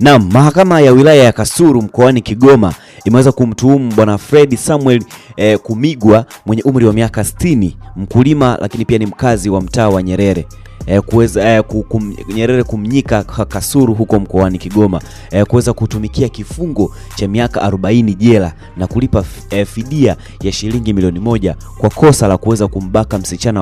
Naam, mahakama ya wilaya ya Kasulu mkoani Kigoma imeweza kumtuhumu bwana Fred Samuel eh, Kumigwa mwenye umri wa miaka 60, mkulima lakini pia ni mkazi wa mtaa wa Nyerere eh, kuweza eh, kukum, Nyerere kumnyika kasuru huko mkoani Kigoma eh, kuweza kutumikia kifungo cha miaka 40 jela na kulipa eh, fidia ya shilingi milioni moja kwa kosa la kuweza kumbaka msichana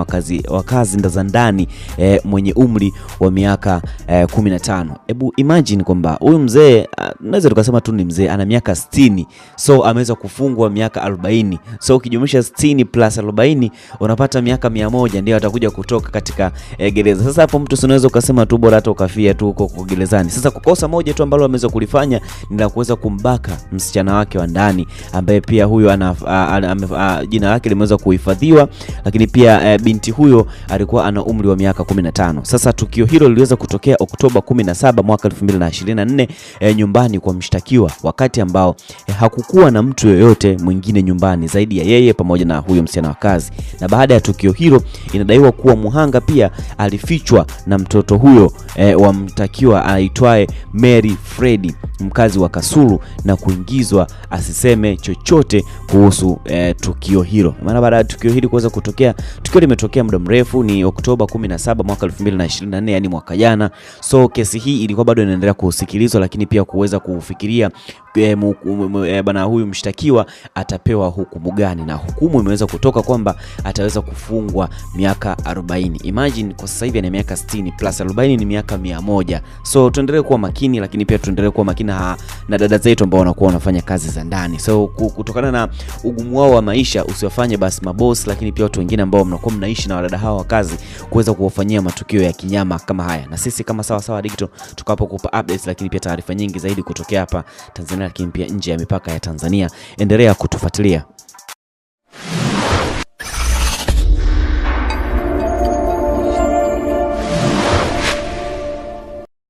wa kazi za ndani eh, mwenye umri wa miaka eh, 15. Hebu imagine kwamba huyu mzee ah, naweza tukasema tu ni mzee, ana miaka 60, so ameweza kufungwa miaka 40, so ukijumlisha 60 plus 40 unapata miaka 100 ndio atakuja kutoka katika eh, gereza gereza. Sasa hapo mtu sinaweza ukasema tu bora hata ukafia tu huko gerezani. Sasa kukosa moja tu ambalo ameweza kulifanya ni la kuweza kumbaka msichana wake wa ndani ambaye pia huyo ana jina lake limeweza kuhifadhiwa, lakini pia e, binti huyo alikuwa ana umri wa miaka 15. Sasa tukio hilo liliweza kutokea Oktoba 17 mwaka 2024 e, nyumbani kwa mshtakiwa wakati ambao e, hakukuwa na mtu yoyote mwingine nyumbani zaidi ya yeye pamoja na huyo msichana wa kazi. Na baada ya tukio hilo inadaiwa kuwa muhanga pia ali alifichwa na mtoto huyo e, wa mtakiwa aitwaye Mary Fredi mkazi wa Kasulu na kuingizwa asiseme chochote kuhusu e, tukio hilo. Maana baada ya tukio hili kuweza kutokea, tukio limetokea muda mrefu, ni Oktoba 17 mwaka 2024, yani mwaka jana. So kesi hii ilikuwa bado inaendelea kusikilizwa, lakini pia kuweza kufikiria e, e, bana huyu mshtakiwa atapewa hukumu gani, na hukumu imeweza kutoka kwamba ataweza kufungwa miaka 40. Imagine kwa sasa hivi ana miaka 60 plus 40 ni miaka 100. So tuendelee kuwa makini, lakini pia tuendelee kuwa makini na, na dada zetu ambao wanakuwa wanafanya kazi za ndani. So kutokana na ugumu wao wa maisha usiwafanye basi maboss, lakini pia watu wengine ambao mnakuwa mnaishi na wadada hawa wa kazi kuweza kuwafanyia matukio ya kinyama kama haya, na sisi kama sawa sawa digital tukapo kupa updates, lakini pia taarifa nyingi zaidi kutokea hapa Tanzania, lakini pia nje ya mipaka ya Tanzania. Endelea kutufuatilia.